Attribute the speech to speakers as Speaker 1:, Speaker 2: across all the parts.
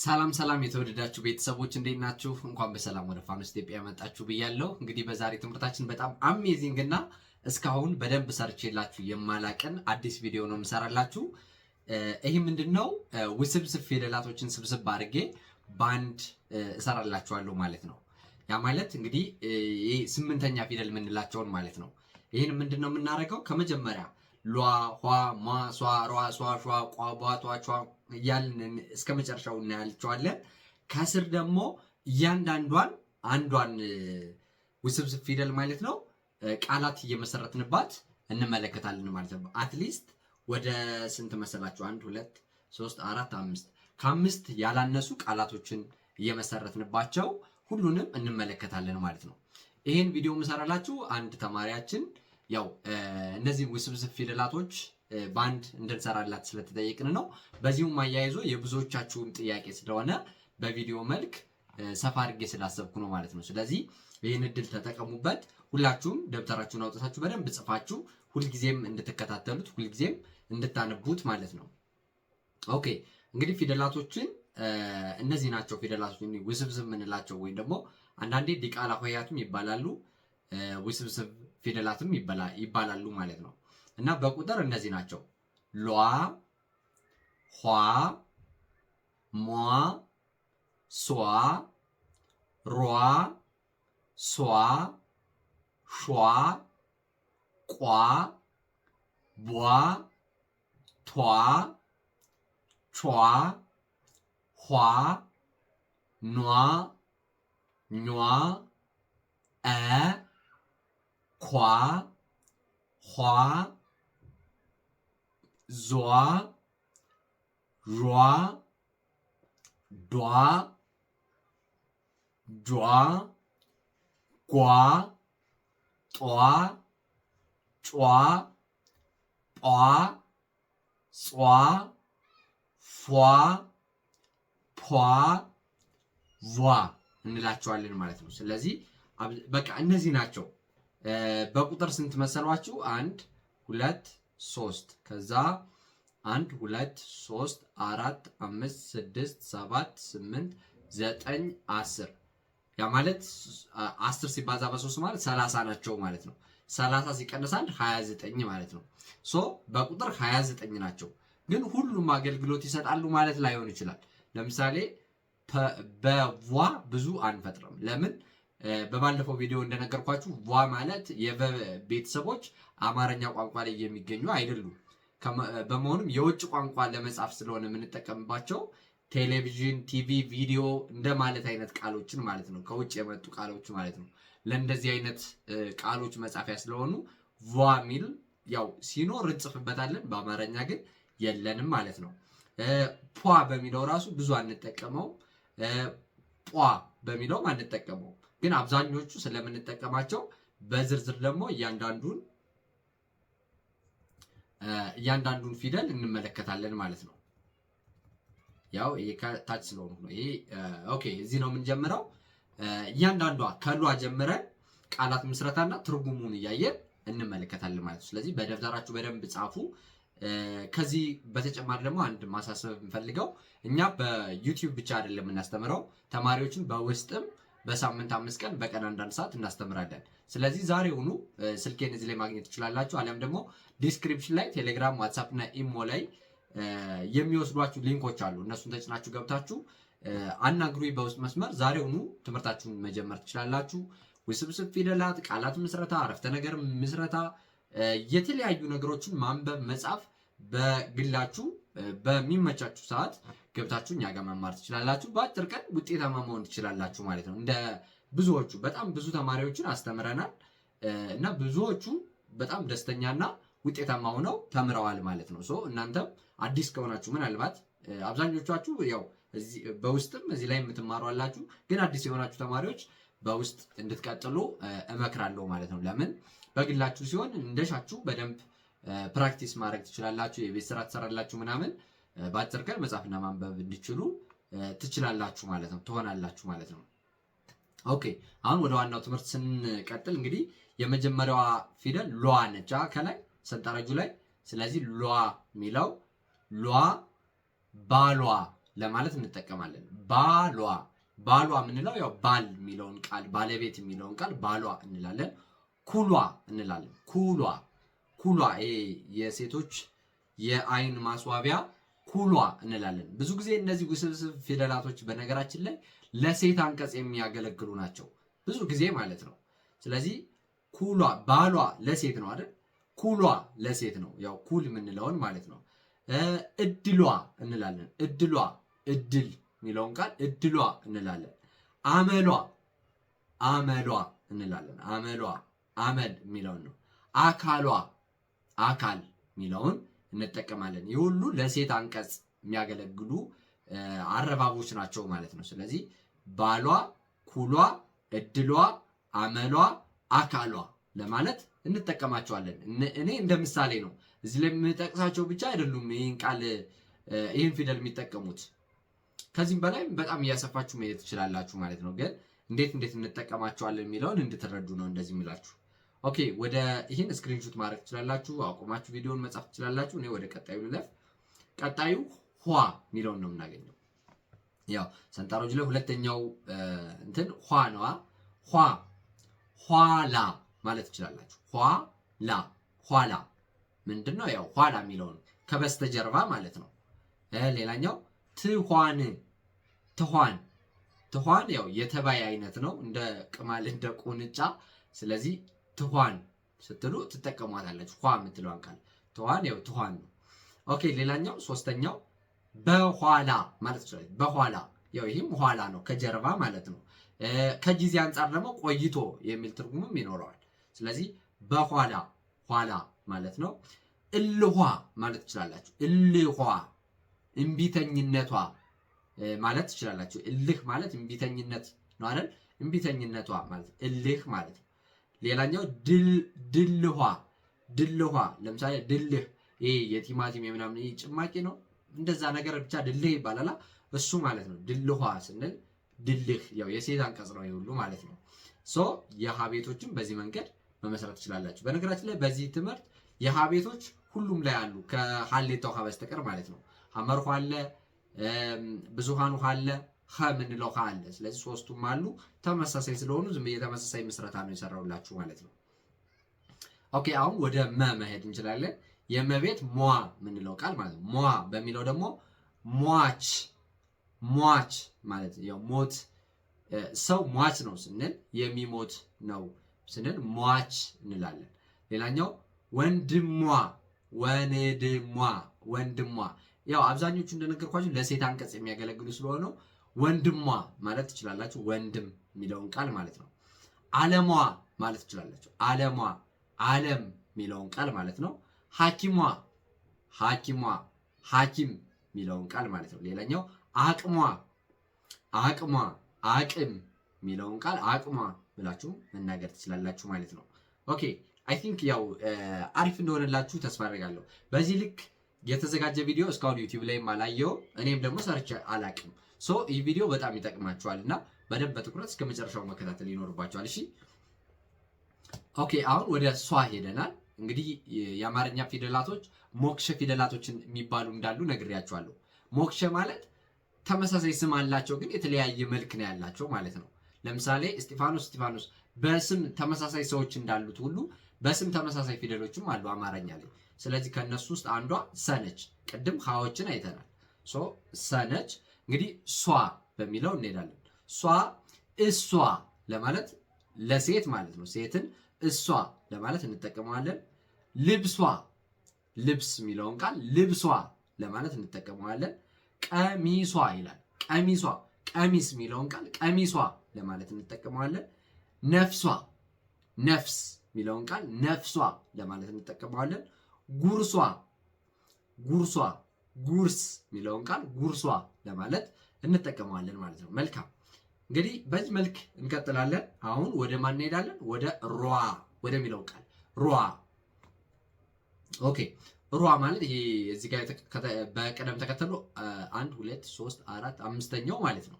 Speaker 1: ሰላም ሰላም የተወደዳችሁ ቤተሰቦች እንዴት ናችሁ? እንኳን በሰላም ወደ ፋኖስ ኢትዮጵያ መጣችሁ ብያለሁ። እንግዲህ በዛሬ ትምህርታችን በጣም አሜዚንግ እና እስካሁን በደንብ ሰርቼላችሁ የማላቀን አዲስ ቪዲዮ ነው የምሰራላችሁ። ይህ ምንድን ነው? ውስብስብ ፊደላቶችን ስብስብ አድርጌ በአንድ እሰራላችኋለሁ ማለት ነው። ያ ማለት እንግዲህ ይህ ስምንተኛ ፊደል የምንላቸውን ማለት ነው። ይህን ምንድን ነው የምናደርገው? ከመጀመሪያ ሏ፣ ሏ፣ ሟ፣ ሷ፣ ሯ፣ ሷ፣ ሿ፣ ቋ፣ ቧ፣ ቷ፣ ቿ ያልንን እስከ መጨረሻው እናያልቸዋለን። ከስር ደግሞ እያንዳንዷን አንዷን ውስብስብ ፊደል ማለት ነው ቃላት እየመሰረትንባት እንመለከታለን ማለት ነው። አትሊስት ወደ ስንት መሰላችሁ? አንድ ሁለት ሶስት አራት አምስት ከአምስት ያላነሱ ቃላቶችን እየመሰረትንባቸው ሁሉንም እንመለከታለን ማለት ነው። ይህን ቪዲዮ ምሰራላችሁ አንድ ተማሪያችን ያው እነዚህ ውስብስብ ፊደላቶች ባንድ እንድንሰራላት ስለተጠየቅን ነው። በዚሁም አያይዞ የብዙዎቻችሁም ጥያቄ ስለሆነ በቪዲዮ መልክ ሰፋ አድርጌ ስላሰብኩ ነው ማለት ነው። ስለዚህ ይህን እድል ተጠቀሙበት። ሁላችሁም ደብተራችሁን አውጥታችሁ በደንብ ጽፋችሁ ሁልጊዜም እንድትከታተሉት ሁልጊዜም እንድታነቡት ማለት ነው። ኦኬ እንግዲህ ፊደላቶችን እነዚህ ናቸው። ፊደላቶችን ውስብስብ የምንላቸው ወይም ደግሞ አንዳንዴ ዲቃላ ሆሄያትም ይባላሉ፣ ውስብስብ ፊደላትም ይባላሉ ማለት ነው። እና በቁጥር እነዚህ ናቸው ሏ፣ ኋ፣ ሟ፣ ሷ፣ ሯ፣ ሷ፣ ሿ፣ ቋ፣ ቧ፣ ቷ፣ ቿ፣ ኋ፣ ኗ፣ ኟ፣ አ፣ ኳ፣ ኋ ዟ ዧ ዷ ጇ ጓ ጧ ጯ ጳ ጿ ፏ ፏ ቯ እንላቸዋለን ማለት ነው። ስለዚህ በቃ እነዚህ ናቸው። በቁጥር ስንት መሰሏችሁ? አንድ ሁለት ሶስት ከዛ አንድ ሁለት ሶስት አራት አምስት ስድስት ሰባት ስምንት ዘጠኝ አስር ያ ማለት አስር ሲባዛ በሶስት ማለት ሰላሳ ናቸው ማለት ነው። ሰላሳ ሲቀነስ አንድ ሀያ ዘጠኝ ማለት ነው። ሶ በቁጥር ሀያ ዘጠኝ ናቸው፣ ግን ሁሉም አገልግሎት ይሰጣሉ ማለት ላይሆን ይችላል። ለምሳሌ በቧ ብዙ አንፈጥርም። ለምን? በባለፈው ቪዲዮ እንደነገርኳችሁ ቧ ማለት የቤተሰቦች አማርኛ ቋንቋ ላይ የሚገኙ አይደሉም። በመሆኑም የውጭ ቋንቋ ለመጻፍ ስለሆነ የምንጠቀምባቸው ቴሌቪዥን፣ ቲቪ፣ ቪዲዮ እንደማለት አይነት ቃሎችን ማለት ነው። ከውጭ የመጡ ቃሎች ማለት ነው። ለእንደዚህ አይነት ቃሎች መጻፊያ ስለሆኑ ቫ ሚል ያው ሲኖር እንጽፍበታለን። በአማርኛ ግን የለንም ማለት ነው። ፖ በሚለው ራሱ ብዙ አንጠቀመው። ፖ በሚለውም አንጠቀመው። ግን አብዛኞቹ ስለምንጠቀማቸው በዝርዝር ደግሞ እያንዳንዱን እያንዳንዱን ፊደል እንመለከታለን ማለት ነው። ያው ይሄ ከታች ስለሆኑ ነው። ይሄ ኦኬ፣ እዚህ ነው የምንጀምረው። እያንዳንዷ ከሏ ጀምረን ቃላት ምስረታና ትርጉሙን እያየን እንመለከታለን ማለት ነው። ስለዚህ በደብተራችሁ በደንብ ጻፉ። ከዚህ በተጨማሪ ደግሞ አንድ ማሳሰብ የምፈልገው እኛ በዩቲዩብ ብቻ አይደለም የምናስተምረው ተማሪዎችን በውስጥም በሳምንት አምስት ቀን በቀን አንዳንድ ሰዓት እናስተምራለን። ስለዚህ ዛሬውኑ ስልኬን እዚህ ላይ ማግኘት ትችላላችሁ። አሊያም ደግሞ ዲስክሪፕሽን ላይ ቴሌግራም፣ ዋትሳፕ እና ኢሞ ላይ የሚወስዷችሁ ሊንኮች አሉ። እነሱን ተጭናችሁ ገብታችሁ አናግሩኝ በውስጥ መስመር። ዛሬውኑ ትምህርታችሁን መጀመር ትችላላችሁ። ውስብስብ ፊደላት፣ ቃላት ምስረታ፣ አረፍተ ነገር ምስረታ፣ የተለያዩ ነገሮችን ማንበብ መጻፍ በግላችሁ በሚመቻችሁ ሰዓት ገብታችሁ እኛ ጋር መማር ትችላላችሁ። በአጭር ቀን ውጤታማ መሆን ትችላላችሁ ማለት ነው። እንደ ብዙዎቹ በጣም ብዙ ተማሪዎችን አስተምረናል እና ብዙዎቹ በጣም ደስተኛና ውጤታማ ሆነው ተምረዋል ማለት ነው። ሶ እናንተም አዲስ ከሆናችሁ ምናልባት አብዛኞቻችሁ ያው በውስጥም እዚህ ላይ የምትማሩ አላችሁ፣ ግን አዲስ የሆናችሁ ተማሪዎች በውስጥ እንድትቀጥሉ እመክራለሁ ማለት ነው። ለምን በግላችሁ ሲሆን እንደሻችሁ በደንብ ፕራክቲስ ማድረግ ትችላላችሁ። የቤት ስራ ትሰራላችሁ ምናምን በአጭር ቀን መጻፍና ማንበብ እንዲችሉ ትችላላችሁ ማለት ነው፣ ትሆናላችሁ ማለት ነው። ኦኬ አሁን ወደ ዋናው ትምህርት ስንቀጥል እንግዲህ የመጀመሪያዋ ፊደል ሏ ነች፣ ከላይ ሰንጠረጁ ላይ። ስለዚህ ሏ የሚለው ሏ ባሏ ለማለት እንጠቀማለን። ባሏ ባሏ የምንለው ያው ባል የሚለውን ቃል ባለቤት የሚለውን ቃል ባሏ እንላለን። ኩሏ እንላለን። ኩሏ ኩሏ የሴቶች የአይን ማስዋቢያ ኩሏ እንላለን። ብዙ ጊዜ እነዚህ ውስብስብ ፊደላቶች በነገራችን ላይ ለሴት አንቀጽ የሚያገለግሉ ናቸው፣ ብዙ ጊዜ ማለት ነው። ስለዚህ ኩሏ ባሏ ለሴት ነው አይደል? ኩሏ ለሴት ነው፣ ያው ኩል የምንለውን ማለት ነው። እድሏ እንላለን። እድሏ እድል የሚለውን ቃል እድሏ እንላለን። አመሏ አመሏ እንላለን። አመሏ አመል የሚለውን ነው። አካሏ አካል የሚለውን እንጠቀማለን። ይህ ሁሉ ለሴት አንቀጽ የሚያገለግሉ አረባቦች ናቸው ማለት ነው። ስለዚህ ባሏ፣ ኩሏ፣ እድሏ፣ አመሏ፣ አካሏ ለማለት እንጠቀማቸዋለን። እኔ እንደ ምሳሌ ነው እዚህ ላይ የምጠቅሳቸው ብቻ አይደሉም ይህን ቃል ይህን ፊደል የሚጠቀሙት ከዚህም በላይ በጣም እያሰፋችሁ መሄድ ትችላላችሁ ማለት ነው። ግን እንዴት እንዴት እንጠቀማቸዋለን የሚለውን እንድትረዱ ነው እንደዚህ የሚላችሁ። ኦኬ ወደ ይህን ስክሪንሾት ማድረግ ትችላላችሁ። አቁማችሁ ቪዲዮን መጻፍ ትችላላችሁ። እኔ ወደ ቀጣዩ ልለፍ። ቀጣዩ ኋ የሚለውን ነው የምናገኘው። ያው ሰንጠረዡ ላይ ሁለተኛው እንትን ኋ ነዋ። ኋ ኋላ ማለት ትችላላችሁ። ኋላ ኋላ ምንድን ነው? ያው ኋላ የሚለውን ከበስተጀርባ ማለት ነው። ሌላኛው ትኋን ትኋን ትኋን ያው የተባይ አይነት ነው እንደ ቅማል እንደ ቁንጫ ስለዚህ ትኋን ስትሉ ትጠቀሟታለች። ኋ የምትለዋን ቃል ትኋን ያው ትኋን ነው። ኦኬ ሌላኛው ሶስተኛው በኋላ ማለት ይችላል። በኋላ ያው ይህም ኋላ ነው ከጀርባ ማለት ነው። ከጊዜ አንጻር ደግሞ ቆይቶ የሚል ትርጉምም ይኖረዋል። ስለዚህ በኋላ ኋላ ማለት ነው። እልኋ ማለት ትችላላችሁ። እልኋ እምቢተኝነቷ ማለት ትችላላችሁ። እልህ ማለት እምቢተኝነት ነው አይደል? እምቢተኝነቷ ማለት እልህ ማለት ሌላኛው ድልዋ ድልዋ ለምሳሌ ድልህ ይሄ የቲማቲም የምናምን ይሄ ጭማቂ ነው፣ እንደዛ ነገር ብቻ ድልህ ይባላላ እሱ ማለት ነው። ድልዋ ስንል ድልህ ያው የሴት አንቀጽ ነው ይሁሉ ማለት ነው። ሶ የሀ ቤቶችን በዚህ መንገድ መመስረት ትችላላችሁ። በነገራችን ላይ በዚህ ትምህርት የሀ ቤቶች ሁሉም ላይ አሉ ከሀሌታው ሀ በስተቀር ማለት ነው። ሀመር ውሃ አለ፣ ብዙሃን ውሃ አለ ኸ ምንለው ኸ አለ። ስለዚህ ሶስቱም አሉ ተመሳሳይ ስለሆኑ ዝም የተመሳሳይ ምስረታ ነው የሰራውላችሁ ማለት ነው። ኦኬ አሁን ወደ መ መሄድ እንችላለን። የመቤት ሟ ምንለው ቃል ማለት ነው። ሟ በሚለው ደግሞ ሟች ሟች ማለት ነው። ሞት ሰው ሟች ነው ስንል የሚሞት ነው ስንል ሟች እንላለን። ሌላኛው ወንድሟ ወንድሟ ወንድሟ ያው አብዛኞቹ እንደነገርኳችሁ ለሴት አንቀጽ የሚያገለግሉ ስለሆነው ወንድሟ ማለት ትችላላችሁ። ወንድም የሚለውን ቃል ማለት ነው። አለሟ ማለት ትችላላችሁ። አለሟ አለም የሚለውን ቃል ማለት ነው። ሐኪሟ ሐኪሟ ሐኪም የሚለውን ቃል ማለት ነው። ሌላኛው አቅሟ አቅሟ አቅም የሚለውን ቃል አቅሟ ብላችሁ መናገር ትችላላችሁ ማለት ነው። ኦኬ አይ ቲንክ ያው አሪፍ እንደሆነላችሁ ተስፋ አደርጋለሁ። በዚህ ልክ የተዘጋጀ ቪዲዮ እስካሁን ዩቲዩብ ላይም አላየው፣ እኔም ደግሞ ሰርች አላቅም። ሶ ይህ ቪዲዮ በጣም ይጠቅማቸዋል እና በደንብ በትኩረት እስከ መጨረሻው መከታተል ይኖርባቸዋል። እሺ ኦኬ፣ አሁን ወደ ሷ ሄደናል። እንግዲህ የአማርኛ ፊደላቶች ሞክሸ ፊደላቶችን የሚባሉ እንዳሉ ነግሬያቸዋለሁ። ሞክሸ ማለት ተመሳሳይ ስም አላቸው፣ ግን የተለያየ መልክ ነው ያላቸው ማለት ነው። ለምሳሌ እስጢፋኖስ እስጢፋኖስ በስም ተመሳሳይ ሰዎች እንዳሉት ሁሉ በስም ተመሳሳይ ፊደሎችም አሉ አማርኛ ላይ ስለዚህ ከእነሱ ውስጥ አንዷ ሰነች። ቅድም ሀዎችን አይተናል። ሰነች እንግዲህ ሷ በሚለው እንሄዳለን። ሷ እሷ ለማለት ለሴት ማለት ነው። ሴትን እሷ ለማለት እንጠቀመዋለን። ልብሷ ልብስ የሚለውን ቃል ልብሷ ለማለት እንጠቀመዋለን። ቀሚሷ ይላል። ቀሚሷ ቀሚስ የሚለውን ቃል ቀሚሷ ለማለት እንጠቀመዋለን። ነፍሷ ነፍስ የሚለውን ቃል ነፍሷ ለማለት እንጠቀመዋለን። ጉርሷ ጉርሷ ጉርስ የሚለውን ቃል ጉርሷ ለማለት እንጠቀመዋለን ማለት ነው። መልካም እንግዲህ በዚህ መልክ እንቀጥላለን። አሁን ወደ ማን እንሄዳለን? ወደ ሯ ወደሚለው ቃል ሯ። ኦኬ ሯ ማለት ይሄ እዚህ ጋር በቅደም ተከተሉ አንድ ሁለት ሶስት አራት አምስተኛው ማለት ነው።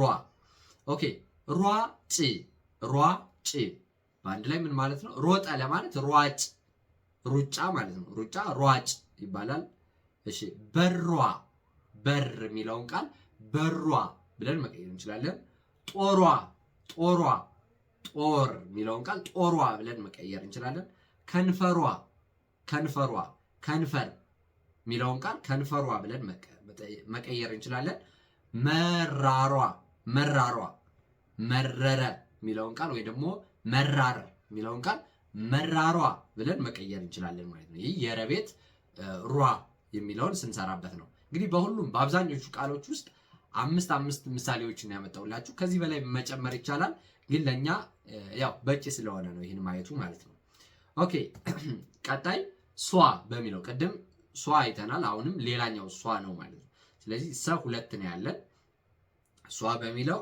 Speaker 1: ሯ ኦኬ ሯ ጭ ሯ ጭ በአንድ ላይ ምን ማለት ነው? ሮጠ ለማለት ሯጭ ሩጫ ማለት ነው። ሩጫ ሯጭ ይባላል። እሺ በሯ በር የሚለውን ቃል በሯ ብለን መቀየር እንችላለን። ጦሯ ጦሯ ጦር የሚለውን ቃል ጦሯ ብለን መቀየር እንችላለን። ከንፈሯ ከንፈሯ ከንፈር የሚለውን ቃል ከንፈሯ ብለን መቀየር እንችላለን። መራሯ መራሯ መረረ የሚለውን ቃል ወይ ደግሞ መራር የሚለውን ቃል መራሯ ብለን መቀየር እንችላለን ማለት ነው። ይህ የረቤት ሯ የሚለውን ስንሰራበት ነው። እንግዲህ በሁሉም በአብዛኞቹ ቃሎች ውስጥ አምስት አምስት ምሳሌዎችን ያመጣውላችሁ። ከዚህ በላይ መጨመር ይቻላል፣ ግን ለእኛ ያው በቂ ስለሆነ ነው ይህን ማየቱ ማለት ነው። ኦኬ ቀጣይ ሷ በሚለው ቅድም ሷ አይተናል። አሁንም ሌላኛው ሷ ነው ማለት ነው። ስለዚህ ሰ ሁለት ነው ያለን ሷ በሚለው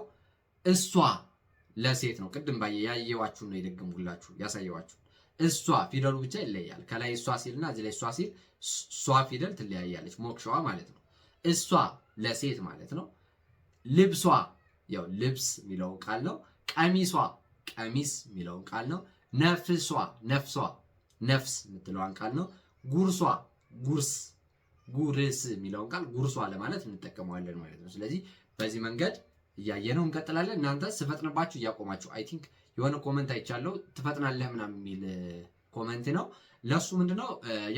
Speaker 1: እሷ ለሴት ነው። ቅድም ባየ ያየዋችሁ ነው የደገምኩላችሁ ያሳየዋችሁ። እሷ ፊደሉ ብቻ ይለያል። ከላይ እሷ ሲልና እዚህ ላይ እሷ ሲል እሷ ፊደል ትለያያለች። ሞክሸዋ ማለት ነው። እሷ ለሴት ማለት ነው። ልብሷ ያው ልብስ የሚለውን ቃል ነው። ቀሚሷ ቀሚስ የሚለውን ቃል ነው። ነፍሷ ነፍሷ ነፍስ የምትለዋን ቃል ነው። ጉርሷ ጉርስ ጉርስ የሚለውን ቃል ጉርሷ ለማለት እንጠቀመዋለን ማለት ነው። ስለዚህ በዚህ መንገድ እያየነው እንቀጥላለን። እናንተ ስፈጥንባችሁ እያቆማችሁ አይ ቲንክ የሆነ ኮመንት አይቻለው ትፈጥናለህ ምናምን የሚል ኮመንት ነው። ለሱ ምንድነው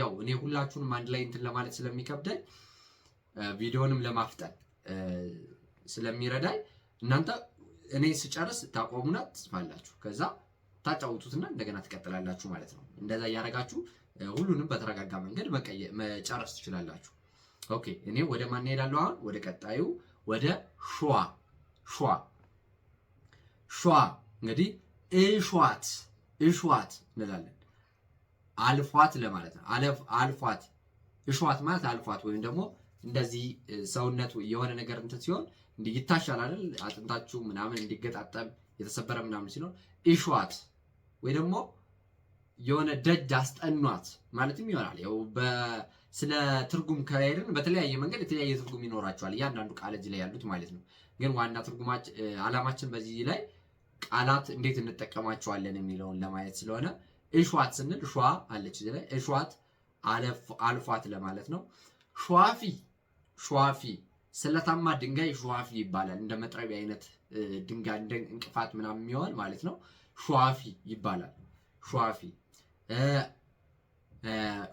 Speaker 1: ያው እኔ ሁላችሁንም አንድ ላይ እንትን ለማለት ስለሚከብደኝ ቪዲዮንም ለማፍጠን ስለሚረዳኝ እናንተ እኔ ስጨርስ ታቆሙና ትጽፋላችሁ፣ ከዛ ታጫውቱትና እንደገና ትቀጥላላችሁ ማለት ነው። እንደዛ እያደረጋችሁ ሁሉንም በተረጋጋ መንገድ መጨረስ ትችላላችሁ። ኦኬ እኔ ወደ ማን እሄዳለሁ? አሁን ወደ ቀጣዩ ወደ ሸዋ ሿ ሿ እንግዲህ እሿት እሿት እንላለን። አልፏት ለማለት ነው። አልፏት እሿት ማለት አልፏት ወይም ደግሞ እንደዚህ ሰውነቱ የሆነ ነገር እንትን ሲሆን እንዲህ ይታሻል አይደል? አጥንታችሁ ምናምን እንዲገጣጠም የተሰበረ ምናምን ሲሆን እሿት ወይ ደግሞ የሆነ ደጅ አስጠኗት ማለትም ይሆናል። ያው ስለ ትርጉም ከሄድን በተለያየ መንገድ የተለያየ ትርጉም ይኖራቸዋል እያንዳንዱ ቃል እዚህ ላይ ያሉት ማለት ነው። ግን ዋና ትርጉማችን አላማችን በዚህ ላይ ቃላት እንዴት እንጠቀማቸዋለን የሚለውን ለማየት ስለሆነ እሿት ስንል እሽዋ አለች እዚህ ላይ እሿት አልፏት ለማለት ነው። ሸዋፊ ሸዋፊ ስለታማ ድንጋይ ሸዋፊ ይባላል። እንደ መጥረቢያ አይነት ድንጋይ እንደ እንቅፋት ምናምን የሚሆን ማለት ነው። ሸዋፊ ይባላል። ሸዋፊ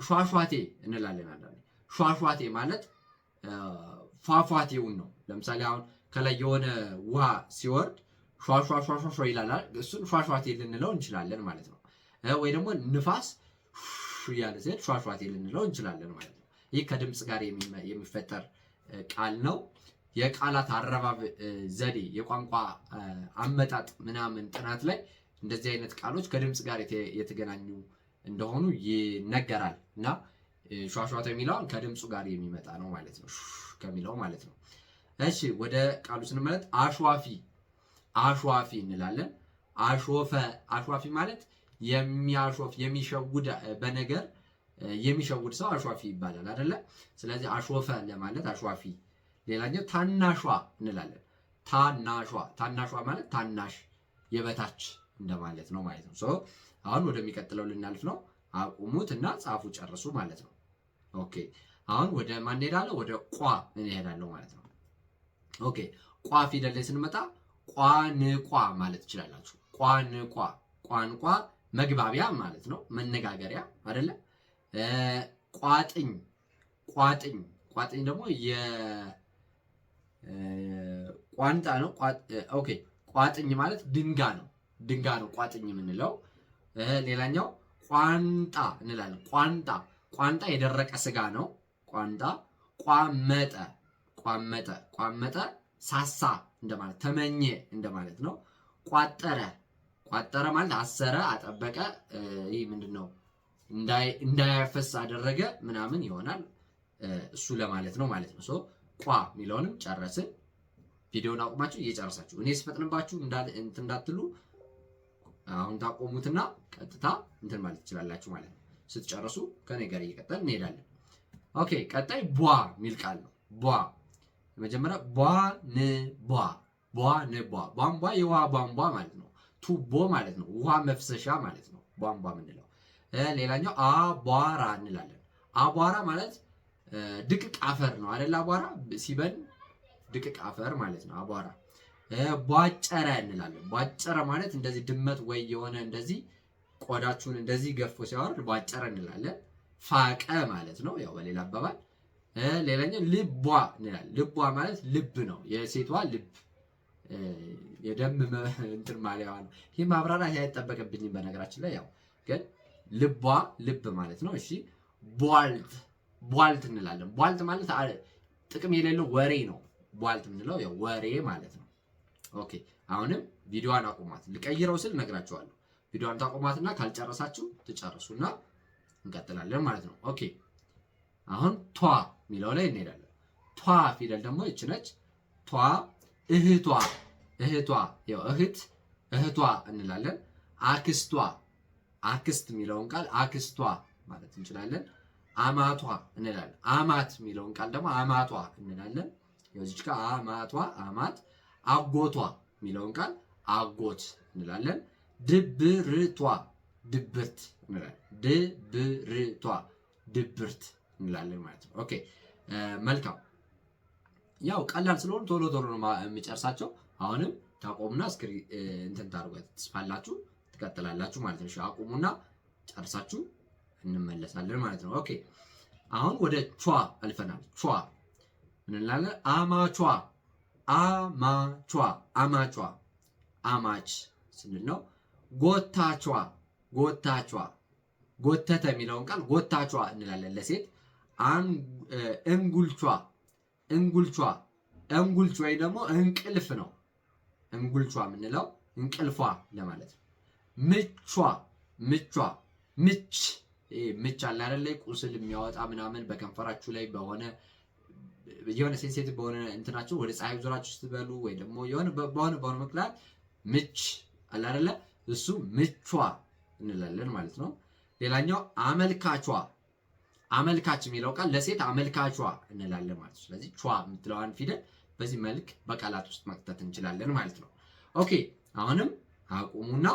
Speaker 1: ሸዋሸዋቴ እንላለን አንዳንዴ። ሸዋሸዋቴ ማለት ፏፏቴውን ነው። ለምሳሌ አሁን ከላይ የሆነ ውሃ ሲወርድ ሿሿሿሿ ይላላል። እሱን ሿሿቴ ልንለው እንችላለን ማለት ነው። ወይ ደግሞ ንፋስ እያለ ሲሄድ ሿሿቴ ልንለው እንችላለን ማለት ነው። ይህ ከድምፅ ጋር የሚፈጠር ቃል ነው። የቃላት አረባብ ዘዴ፣ የቋንቋ አመጣጥ ምናምን ጥናት ላይ እንደዚህ አይነት ቃሎች ከድምፅ ጋር የተገናኙ እንደሆኑ ይነገራል እና ሿሿቴ የሚለውን ከድምፁ ጋር የሚመጣ ነው ማለት ነው ከሚለው ማለት ነው። እሺ ወደ ቃሉ ስንመለስ አሽዋፊ አሽዋፊ እንላለን። አሾፈ አሽዋፊ ማለት የሚያሾፍ የሚሸውድ በነገር የሚሸውድ ሰው አሽዋፊ ይባላል አይደለ? ስለዚህ አሾፈ ለማለት አሽዋፊ። ሌላኛው ታናሿ እንላለን። ታናሿ ታናሿ ማለት ታናሽ የበታች እንደማለት ነው ማለት ነው። ሶ አሁን ወደሚቀጥለው ልናልፍ ነው። አቁሙት እና ጻፉ ጨርሱ ማለት ነው። ኦኬ አሁን ወደ ማን እንሄዳለሁ? ወደ ቋ እንሄዳለሁ ማለት ነው። ኦኬ ቋ ፊደል ላይ ስንመጣ ቋንቋ ማለት ትችላላችሁ። ቋንቋ ቋንቋ መግባቢያ ማለት ነው፣ መነጋገሪያ አይደለ? ቋጥኝ ቋጥኝ ቋጥኝ ደግሞ የቋንጣ ነው። ኦኬ ቋጥኝ ማለት ድንጋ ነው፣ ድንጋ ነው ቋጥኝ የምንለው። ሌላኛው ቋንጣ እንላለን። ቋንጣ ቋንጣ የደረቀ ስጋ ነው። ቋንጣ ቋመጠ ቋመጠ ቋመጠ ሳሳ እንደማለት ተመኘ እንደማለት ነው። ቋጠረ ቋጠረ ማለት አሰረ፣ አጠበቀ። ይህ ምንድን ነው? እንዳያፈስ አደረገ ምናምን ይሆናል። እሱ ለማለት ነው ማለት ነው። ሶ ቋ የሚለውንም ጨረስን። ቪዲዮን አቁማችሁ እየጨረሳችሁ እኔ ስፈጥንባችሁ እንትን እንዳትሉ አሁን ታቆሙትና ቀጥታ እንትን ማለት ትችላላችሁ ማለት ነው። ስትጨርሱ ከኔ ጋር እየቀጠል እንሄዳለን። ኦኬ ቀጣይ ቧ የሚል ቃል ነው። ቧ የመጀመሪያ ቧንቧ ቧንቧ ቧንቧ የውሃ ቧንቧ ማለት ነው። ቱቦ ማለት ነው። ውሃ መፍሰሻ ማለት ነው። ቧንቧ የምንለው ሌላኛው አቧራ እንላለን። አቧራ ማለት ድቅቅ አፈር ነው አይደል? አቧራ ሲበን ድቅቅ አፈር ማለት ነው አቧራ። ቧጨረ እንላለን። ቧጨረ ማለት እንደዚህ ድመት ወይ የሆነ እንደዚህ ቆዳችሁን እንደዚህ ገፎ ሲያወርድ ቧጨረ እንላለን። ፋቀ ማለት ነው ያው በሌላ አባባል ሌላኛው ልቧ እንላለን ልቧ ማለት ልብ ነው። የሴቷ ልብ የደም እንትን ማሊያዋ ነው። ይህ ማብራራት አይጠበቅብኝም በነገራችን ላይ ያው ግን ልቧ ልብ ማለት ነው። እሺ ቧልት ቧልት እንላለን። ቧልት ማለት ጥቅም የሌለው ወሬ ነው። ቧልት የምንለው ያው ወሬ ማለት ነው። ኦኬ አሁንም ቪዲዮዋን አቁሟት። ልቀይረው ስል እነግራችኋለሁ። ቪዲዮዋን ታቁሟትና ካልጨረሳችሁ ትጨርሱና እንቀጥላለን ማለት ነው። ኦኬ አሁን ቷ የሚለው ላይ እንሄዳለን። ቷ ፊደል ደግሞ ይች ነች። ቷ እህቷ እህቷ ያው እህት እህቷ እንላለን። አክስቷ አክስት የሚለውን ቃል አክስቷ ማለት እንችላለን። አማቷ እንላለን። አማት የሚለውን ቃል ደግሞ አማቷ እንላለን። የዚች ጋር አማቷ አማት። አጎቷ የሚለውን ቃል አጎት እንላለን። ድብርቷ ድብርት እንላለን። ድብርቷ ድብርት እንላለን ማለት ነው። ኦኬ መልካም። ያው ቀላል ስለሆኑ ቶሎ ቶሎ ነው የሚጨርሳቸው። አሁንም ታቆሙና እስክሪ እንትን ታደርጓት ትጽፋላችሁ፣ ትቀጥላላችሁ ማለት ነው። አቁሙና ጨርሳችሁ እንመለሳለን ማለት ነው። ኦኬ አሁን ወደ ቿ አልፈናል። ቿ ምን እንላለን? አማቿ አማቿ አማቿ አማች ስንል ነው። ጎታቿ ጎታቿ ጎተተ የሚለውን ቃል ጎታቿ እንላለን ለሴት እንጉልቿ እንጉልቿ እንጉልቿ ወይ ደግሞ እንቅልፍ ነው። እንጉልቿ የምንለው እንቅልፏ ለማለት ነው። ምቿ ምቿ ምች ምች አለ አይደለ? ቁስል የሚያወጣ ምናምን በከንፈራችሁ ላይ በሆነ የሆነ ሴንሴቲቭ በሆነ እንትናችሁ ወደ ፀሐይ ዙራችሁ ስትበሉ ወይ ደግሞ የሆነ በሆነ በሆነ ምክንያት ምች አለ አይደለ? እሱ ምቿ እንላለን ማለት ነው። ሌላኛው አመልካቿ አመልካች የሚለው ቃል ለሴት አመልካቿ እንላለን ማለት ነው። ስለዚህ ቿ የምትለዋን ፊደል በዚህ መልክ በቃላት ውስጥ መክተት እንችላለን ማለት ነው። ኦኬ አሁንም አቁሙና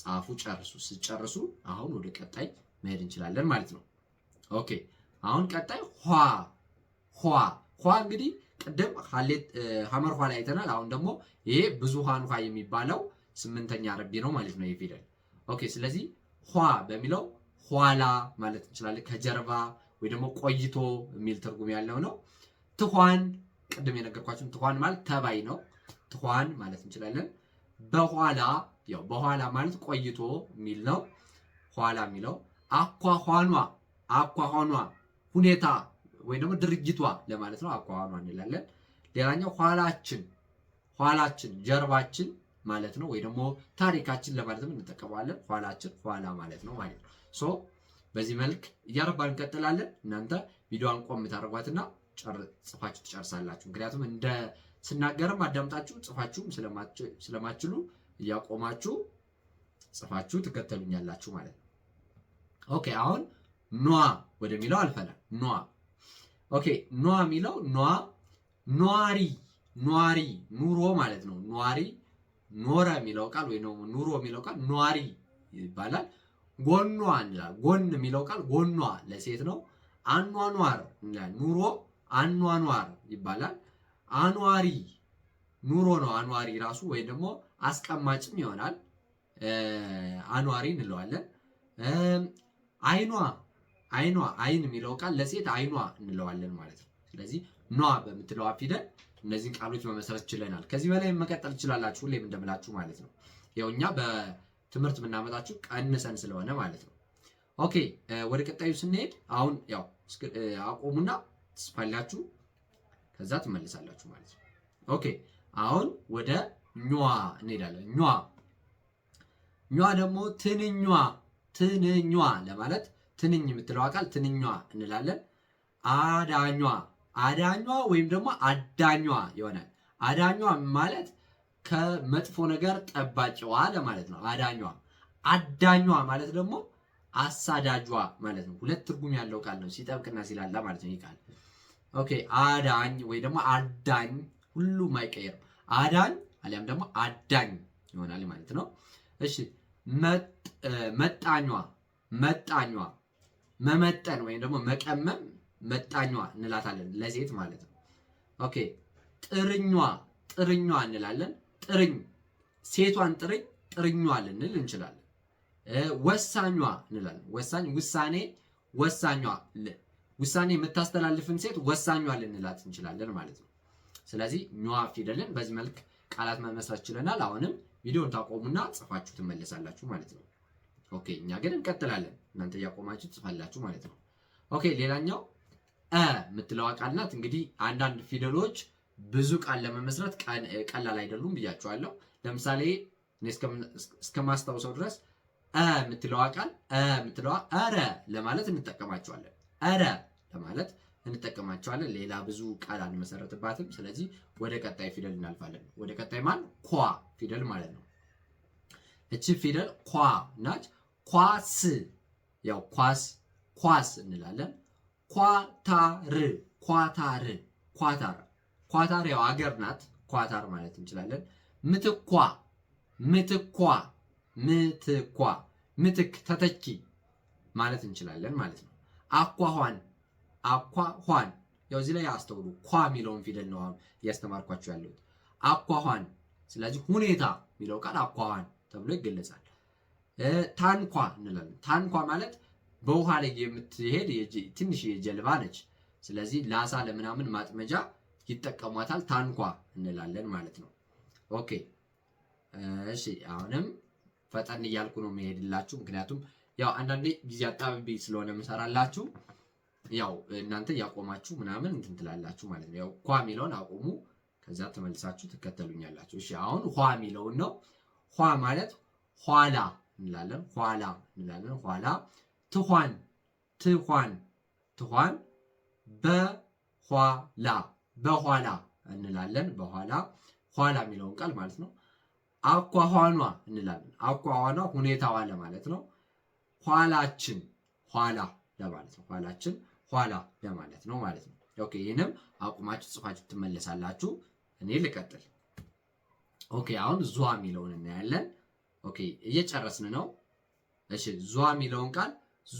Speaker 1: ጻፉ፣ ጨርሱ። ስጨርሱ አሁን ወደ ቀጣይ መሄድ እንችላለን ማለት ነው። ኦኬ አሁን ቀጣይ ኋ ኋ እንግዲህ ቅድም ሀሌት ሀመር ኋ ላይ አይተናል። አሁን ደግሞ ይሄ ብዙሃን ኋ የሚባለው ስምንተኛ ረቢ ነው ማለት ነው ይሄ ፊደል ኦኬ። ስለዚህ ኋ በሚለው ኋላ ማለት እንችላለን። ከጀርባ ወይ ደግሞ ቆይቶ የሚል ትርጉም ያለው ነው። ትኋን ቅድም የነገርኳችሁ ትኋን ማለት ተባይ ነው። ትኋን ማለት እንችላለን። በኋላ ያው በኋላ ማለት ቆይቶ የሚል ነው። ኋላ የሚለው አኳኋኗ አኳኋኗ ሁኔታ ወይ ደግሞ ድርጊቷ ለማለት ነው። አኳኋኗ እንላለን። ሌላኛው ኋላችን ኋላችን ጀርባችን ማለት ነው። ወይ ደግሞ ታሪካችን ለማለት እንጠቀመዋለን። ኋላችን ኋላ ማለት ነው ማለት ነው። ሶ በዚህ መልክ እያረባን እንቀጥላለን። እናንተ ቪዲዮዋን ቆም ታደርጓትና ጽፋችሁ ትጨርሳላችሁ። ምክንያቱም እንደ ስናገርም አዳምጣችሁ ጽፋችሁም ስለማችሉ እያቆማችሁ ጽፋችሁ ትከተሉኛላችሁ ማለት ነው። ኦኬ አሁን ኗ ወደሚለው አልፈናል። ኗ ኦኬ ኗ የሚለው ኗ ኗሪ ኗሪ ኑሮ ማለት ነው። ኗሪ ኖረ የሚለው ቃል ወይ ኑሮ የሚለው ቃል ኗሪ ይባላል። ጎኗ እንላል። ጎን የሚለው ቃል ጎኗ ለሴት ነው። አኗኗር እንላል። ኑሮ አኗኗር ይባላል። አኗሪ ኑሮ ነው። አኗሪ ራሱ ወይም ደግሞ አስቀማጭም ይሆናል። አኗሪ እንለዋለን። አይኗ አይኗ አይን የሚለው ቃል ለሴት አይኗ እንለዋለን ማለት ነው። ስለዚህ ኗ በምትለዋ ፊደል እነዚህን ቃሎች መመሰረት ችለናል። ከዚህ በላይ መቀጠል ትችላላችሁ፣ ሁሌም እንደምላችሁ ማለት ነው። ያው እኛ በ ትምህርት የምናመጣችሁ ቀንሰን ስለሆነ ማለት ነው። ኦኬ ወደ ቀጣዩ ስንሄድ አሁን ያው አቆሙና ትስፋላችሁ ከዛ ትመልሳላችሁ ማለት ነው። ኦኬ አሁን ወደ ኟ እንሄዳለን። ኟ ኟ ደግሞ ትንኟ ትንኟ ለማለት ትንኝ የምትለው ቃል ትንኟ እንላለን። አዳኟ አዳኟ ወይም ደግሞ አዳኟ ይሆናል። አዳኟ ማለት ከመጥፎ ነገር ጠባቂዋ ለማለት ነው። አዳኟ አዳኟ ማለት ደግሞ አሳዳጇ ማለት ነው። ሁለት ትርጉም ያለው ቃል ነው፣ ሲጠብቅና ሲላላ ማለት ነው። ይቃል ኦኬ። አዳኝ ወይ ደግሞ አዳኝ ሁሉም አይቀየርም። አዳኝ አሊያም ደግሞ አዳኝ ይሆናል ማለት ነው። እሺ መጣኟ መጣኟ መመጠን ወይም ደግሞ መቀመም መጣኟ እንላታለን ለሴት ማለት ነው። ኦኬ ጥርኟ ጥርኟ እንላለን ጥርኝ ሴቷን ጥርኝ ጥርኟ ልንል እንችላለን። ወሳኟ እንላለን። ወሳኝ ውሳኔ ወሳኟ ውሳኔ የምታስተላልፍን ሴት ወሳኟ ልንላት እንችላለን ማለት ነው። ስለዚህ ኛ ፊደልን በዚህ መልክ ቃላት መመስረት ችለናል። አሁንም ቪዲዮን ታቆሙና ጽፋችሁ ትመለሳላችሁ ማለት ነው። ኦኬ እኛ ግን እንቀጥላለን፣ እናንተ እያቆማችሁ ትጽፋላችሁ ማለት ነው። ኦኬ ሌላኛው እ የምትለዋ ቃል ናት። እንግዲህ አንዳንድ ፊደሎች ብዙ ቃል ለመመስረት ቀላል አይደሉም ብያቸዋለሁ። ለምሳሌ እስከማስታውሰው ድረስ የምትለዋ ቃል የምትለዋ ኧረ ለማለት እንጠቀማቸዋለን። ኧረ ለማለት እንጠቀማቸዋለን። ሌላ ብዙ ቃል አንመሰረትባትም። ስለዚህ ወደ ቀጣይ ፊደል እናልፋለን። ወደ ቀጣይ ማን ኳ ፊደል ማለት ነው። እቺ ፊደል ኳ ናች። ኳስ ያው ኳስ ኳስ እንላለን። ኳታር ኳታር ኳታር ኳታር ያው አገር ናት፣ ኳታር ማለት እንችላለን። ምትኳ ምትኳ ምትኳ ምትክ ተተኪ ማለት እንችላለን ማለት ነው። አኳኋን አኳኋን ያው እዚህ ላይ አስተውሉ፣ ኳ የሚለውን ፊደል ነው አሁን እያስተማርኳቸው ያለሁት። አኳኋን ስለዚህ ሁኔታ የሚለው ቃል አኳኋን ተብሎ ይገለጻል። ታንኳ እንላለን። ታንኳ ማለት በውሃ ላይ የምትሄድ ትንሽ የጀልባ ነች። ስለዚህ ለአሳ ለምናምን ማጥመጃ ይጠቀሟታል። ታንኳ እንላለን ማለት ነው። ኦኬ እሺ፣ አሁንም ፈጠን እያልኩ ነው የሚሄድላችሁ፣ ምክንያቱም ያው አንዳንዴ ጊዜ አጣብቤ ስለሆነ የምሰራላችሁ ያው እናንተ ያቆማችሁ ምናምን እንትን ትላላችሁ ማለት ነው። ያው ኳ የሚለውን አቁሙ፣ ከዛ ተመልሳችሁ ትከተሉኛላችሁ። እሺ አሁን ኋ የሚለውን ነው። ኋ ማለት ኋላ እንላለን፣ ኋላ እንላለን፣ ኋላ ትኋን ትኋን ትኋን በኋላ በኋላ እንላለን። በኋላ ኋላ የሚለውን ቃል ማለት ነው። አኳኋኗ እንላለን። አኳኋኗ ሁኔታዋ ለማለት ነው። ኋላችን ኋላ ለማለት ነው። ኋላችን ኋላ ለማለት ነው ማለት ነው። ኦኬ ይህንም አቁማችሁ ጽፋችሁ ትመለሳላችሁ። እኔ ልቀጥል። ኦኬ አሁን ዙዋ የሚለውን እናያለን። ኦኬ እየጨረስን ነው። እሺ ዟ የሚለውን ቃል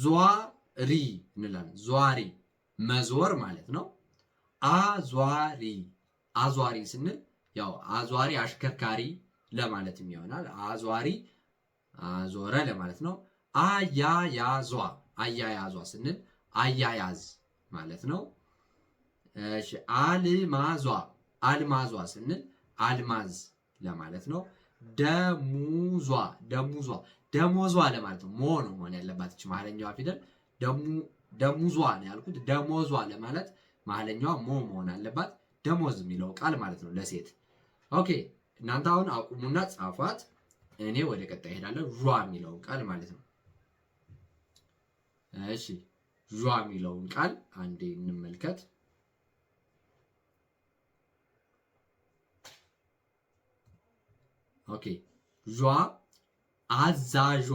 Speaker 1: ዟሪ እንላለን። ዟሪ መዞር ማለት ነው። አዟሪ አዟሪ ስንል ያው አዟሪ አሽከርካሪ ለማለትም ይሆናል። አዟሪ አዞረ ለማለት ነው። አያያዟ አያያዟ ስንል አያያዝ ማለት ነው። እሺ አልማዟ አልማዟ ስንል አልማዝ ለማለት ነው። ደሙዟ ደሙዟ ደሞዟ ለማለት ነው። ሞ ነው መሆን ያለባት መሀለኛዋ ፊደል ደሙዟ ነው ያልኩት። ደሞዟ ለማለት መሀለኛዋ ሞ መሆን አለባት። ደሞዝ የሚለው ቃል ማለት ነው ለሴት። ኦኬ እናንተ አሁን አቁሙና ጻፏት። እኔ ወደ ቀጣይ እሄዳለሁ። ዧ የሚለውን ቃል ማለት ነው። እሺ ዧ የሚለውን ቃል አንዴ እንመልከት። ኦኬ ዟ አዛዧ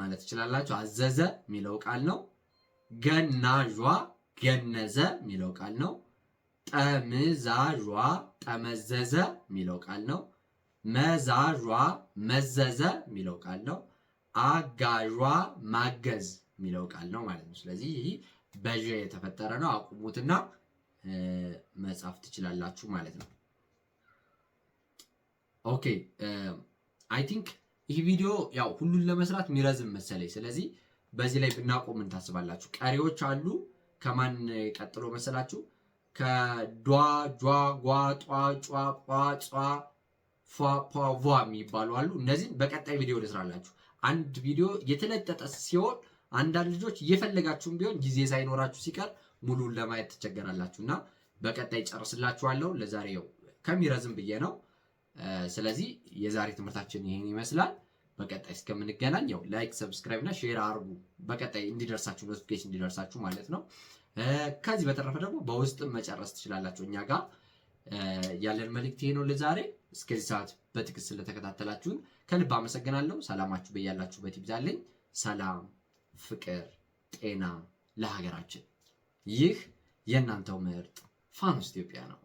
Speaker 1: ማለት ትችላላችሁ። አዘዘ የሚለው ቃል ነው። ዟ ገነዘ የሚለው ቃል ነው። ጠምዛዧ ጠመዘዘ የሚለው ቃል ነው። መዛዧ መዘዘ የሚለው ቃል ነው። አጋዧ ማገዝ የሚለው ቃል ነው ማለት ነው። ስለዚህ ይህ በዥ የተፈጠረ ነው። አቁሙትና መጻፍ ትችላላችሁ ማለት ነው። ኦኬ አይ ቲንክ ይህ ቪዲዮ ያው ሁሉን ለመስራት የሚረዝም መሰለኝ። ስለዚህ በዚህ ላይ ብናቆምን ታስባላችሁ ቀሪዎች አሉ። ከማን ቀጥሎ መሰላችሁ? ከዷ ጇ ጓ ጧ ጯ ቋ ጿ ፏ ፏ ቧ የሚባሉ አሉ። እነዚህን በቀጣይ ቪዲዮ ልስራላችሁ። አንድ ቪዲዮ የተለጠጠ ሲሆን አንዳንድ ልጆች እየፈለጋችሁም ቢሆን ጊዜ ሳይኖራችሁ ሲቀር ሙሉን ለማየት ትቸገራላችሁ እና በቀጣይ ጨርስላችኋለሁ። ለዛሬው ከሚረዝም ብዬ ነው። ስለዚህ የዛሬ ትምህርታችን ይህን ይመስላል። በቀጣይ እስከምንገናኝ ያው ላይክ፣ ሰብስክራይብ እና ሼር አርጉ። በቀጣይ እንዲደርሳችሁ ኖቲፊኬሽን እንዲደርሳችሁ ማለት ነው። ከዚህ በተረፈ ደግሞ በውስጥም መጨረስ ትችላላችሁ። እኛ ጋር ያለን መልእክት ይሄ ነው ለዛሬ። እስከዚህ ሰዓት በትዕግስት ስለተከታተላችሁን ከልብ አመሰግናለሁ። ሰላማችሁ በያላችሁበት ይብዛልኝ። ሰላም፣ ፍቅር፣ ጤና ለሀገራችን። ይህ የእናንተው ምርጥ ፋኖስ ኢትዮጵያ ነው።